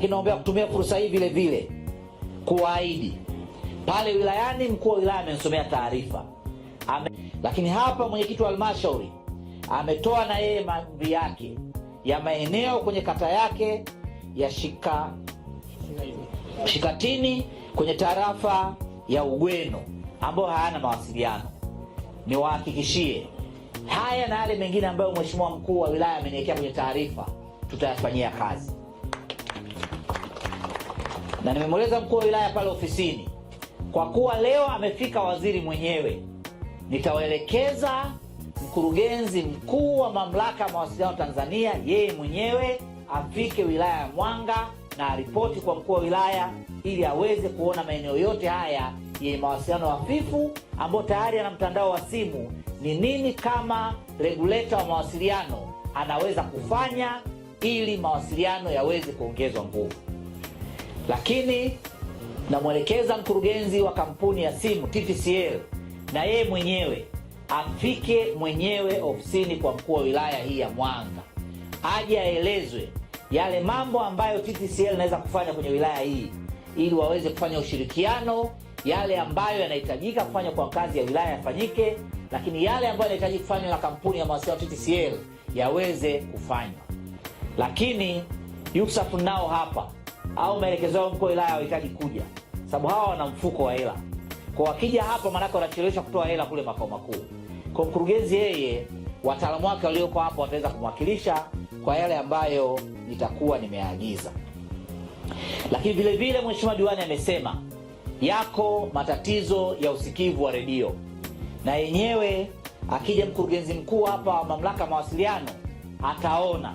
lakini naomba kutumia fursa hii vile vile kuahidi pale wilayani, mkuu wa wilaya amenisomea taarifa ame, lakini hapa mwenyekiti wa halmashauri ametoa na yeye maombi yake ya maeneo kwenye kata yake ya shika Shikatini kwenye tarafa ya Ugweno ambayo hayana mawasiliano. Niwahakikishie haya na yale mengine ambayo mheshimiwa mkuu wa wilaya ameniwekea kwenye taarifa tutayafanyia kazi na nimemweleza mkuu wa wilaya pale ofisini, kwa kuwa leo amefika waziri mwenyewe, nitawaelekeza mkurugenzi mkuu wa mamlaka ya mawasiliano Tanzania, yeye mwenyewe afike wilaya ya Mwanga na aripoti kwa mkuu wa wilaya ili aweze kuona maeneo yote haya yenye mawasiliano hafifu ambayo tayari ana mtandao wa simu, ni nini kama regulator wa mawasiliano anaweza kufanya ili mawasiliano yaweze kuongezwa nguvu lakini namwelekeza mkurugenzi wa kampuni ya simu TTCL na yeye mwenyewe afike mwenyewe ofisini kwa mkuu wa wilaya hii ya Mwanga, aje aelezwe yale mambo ambayo TTCL inaweza kufanya kwenye wilaya hii ili waweze kufanya ushirikiano, yale ambayo yanahitajika kufanywa kwa kazi ya wilaya yafanyike, lakini yale ambayo yanahitaji kufanywa na kampuni ya mawasiliano TTCL yaweze kufanywa. Lakini Yusafu nao hapa au maelekezo yao mkuu wa wilaya hawahitaji kuja, sababu hawa wana mfuko wa hela. Kwa wakija hapa, maanake wanachelewesha kutoa hela kule makao makuu. Kwa mkurugenzi yeye, wataalamu wake walioko hapa wataweza kumwakilisha kwa yale ambayo nitakuwa nimeagiza. Lakini vile vile, mheshimiwa diwani amesema yako matatizo ya usikivu wa redio, na yenyewe akija mkurugenzi mkuu hapa wa mamlaka mawasiliano ataona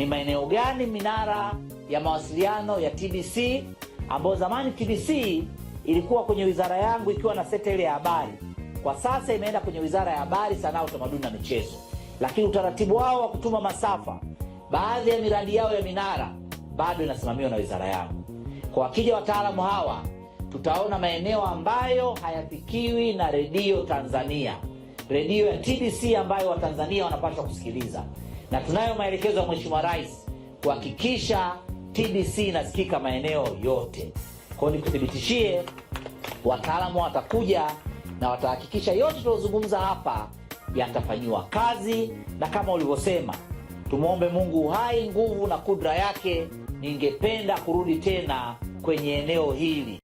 ni maeneo gani minara ya mawasiliano ya TBC ambayo zamani TBC ilikuwa kwenye wizara yangu ikiwa na ile ya habari, kwa sasa imeenda kwenye wizara ya habari, sanaa, utamaduni na michezo. Lakini utaratibu wao wa kutuma masafa, baadhi ya miradi yao ya minara bado inasimamiwa na wizara yangu. Kwa wakija wataalamu hawa, tutaona maeneo ambayo hayafikiwi na redio Tanzania, redio ya TBC ambayo Watanzania wanapaswa kusikiliza na tunayo maelekezo ya Mheshimiwa Rais kuhakikisha TBC inasikika maeneo yote. kwao nikuthibitishie, wataalamu watakuja na watahakikisha yote tunaozungumza hapa yatafanyiwa kazi, na kama ulivyosema, tumwombe Mungu uhai, nguvu na kudra yake. Ningependa kurudi tena kwenye eneo hili.